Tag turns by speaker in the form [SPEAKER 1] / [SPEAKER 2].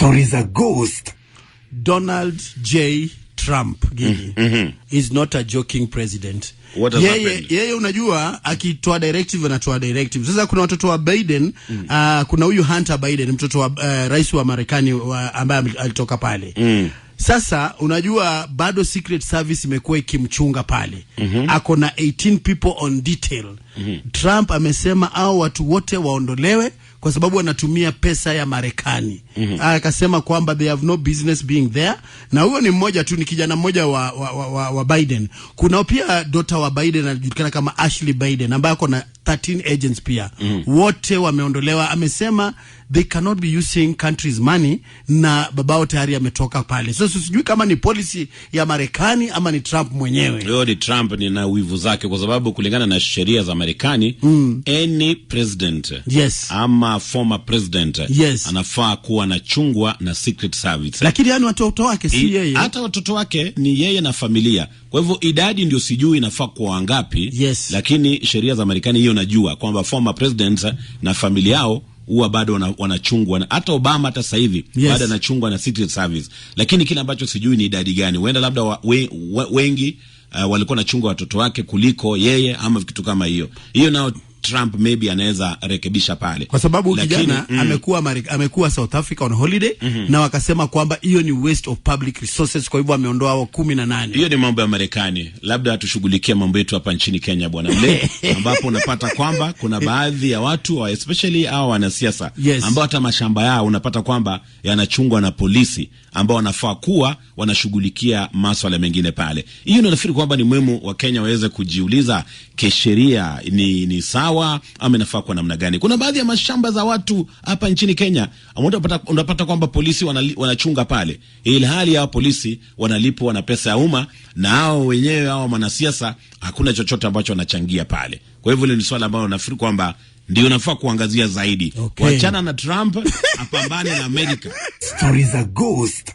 [SPEAKER 1] There is a ghost. Donald J. Trump Gigi, mm -hmm. is not a joking president.
[SPEAKER 2] What has yeye, happened?
[SPEAKER 1] Yeye unajua akitoa directive anatoa directive. Sasa kuna watoto wa Biden mm. uh, kuna huyu Hunter Biden mtoto wa uh, rais wa Marekani ambaye alitoka pale mm. Sasa unajua bado Secret Service imekuwa ikimchunga pale mm -hmm. ako na 18 people on detail mm -hmm. Trump amesema au watu wote waondolewe mm kwa sababu wanatumia pesa ya Marekani. mm -hmm. Akasema kwamba they have no business being there, na huyo ni mmoja tu, ni kijana mmoja wa, wa, wa, wa Biden. Kuna pia dota wa Biden anajulikana kama Ashley Biden ambaye ako na 13 agents pia mm. wote wameondolewa. Amesema they cannot be using country's money, na babao tayari ametoka pale. So sijui kama ni policy ya Marekani ama ni Trump mwenyewe. Mm,
[SPEAKER 2] leo ni Trump ni na wivu zake, kwa sababu kulingana na sheria za Marekani mm. any president yes. ama former president yes. anafaa kuwa na chungwa na Secret Service,
[SPEAKER 1] lakini yani watoto wake si yeye,
[SPEAKER 2] hata watoto wake ni yeye na familia kwa hivyo idadi ndio sijui inafaa kwa wangapi, yes. Lakini sheria za Marekani hiyo najua kwamba former president na familia yao huwa bado wanachungwa hata Obama hata sasa hivi yes. Bado anachungwa na Secret Service, lakini kile ambacho sijui ni idadi gani, huenda labda wa, we, we, wengi uh, walikuwa wanachunga watoto wake kuliko yeye ama kitu kama hiyo hiyo nao Trump maybe anaweza rekebisha pale,
[SPEAKER 1] kwa sababu kijana mm, amekuwa Amerika, amekuwa South Africa on holiday mm -hmm. na wakasema kwamba hiyo ni waste of public resources, kwa hivyo ameondoa hao 18.
[SPEAKER 2] Hiyo ni mambo ya Marekani, labda tushughulikie mambo yetu hapa nchini Kenya bwana mle ambapo unapata kwamba kuna baadhi ya watu especially hao wanasiasa yes. ambao hata mashamba yao unapata kwamba yanachungwa na polisi ambao wanafaa kuwa wanashughulikia maswala mengine pale. Hiyo nafikiri kwamba ni muhimu wa Kenya waweze kujiuliza kisheria ni ni sawa sawa ama inafaa kwa namna gani? Kuna baadhi ya mashamba za watu hapa nchini Kenya unapata, unapata kwamba polisi wanali, wanachunga pale, ili hali hao polisi wanalipwa na pesa ya umma na hao wenyewe hao wanasiasa hakuna chochote ambacho wanachangia pale. Kwa hivyo ile ni swala ambalo nafikiri kwamba ndio nafaa kuangazia zaidi. Okay. Wachana na Trump apambane na Amerika. Stories are ghost.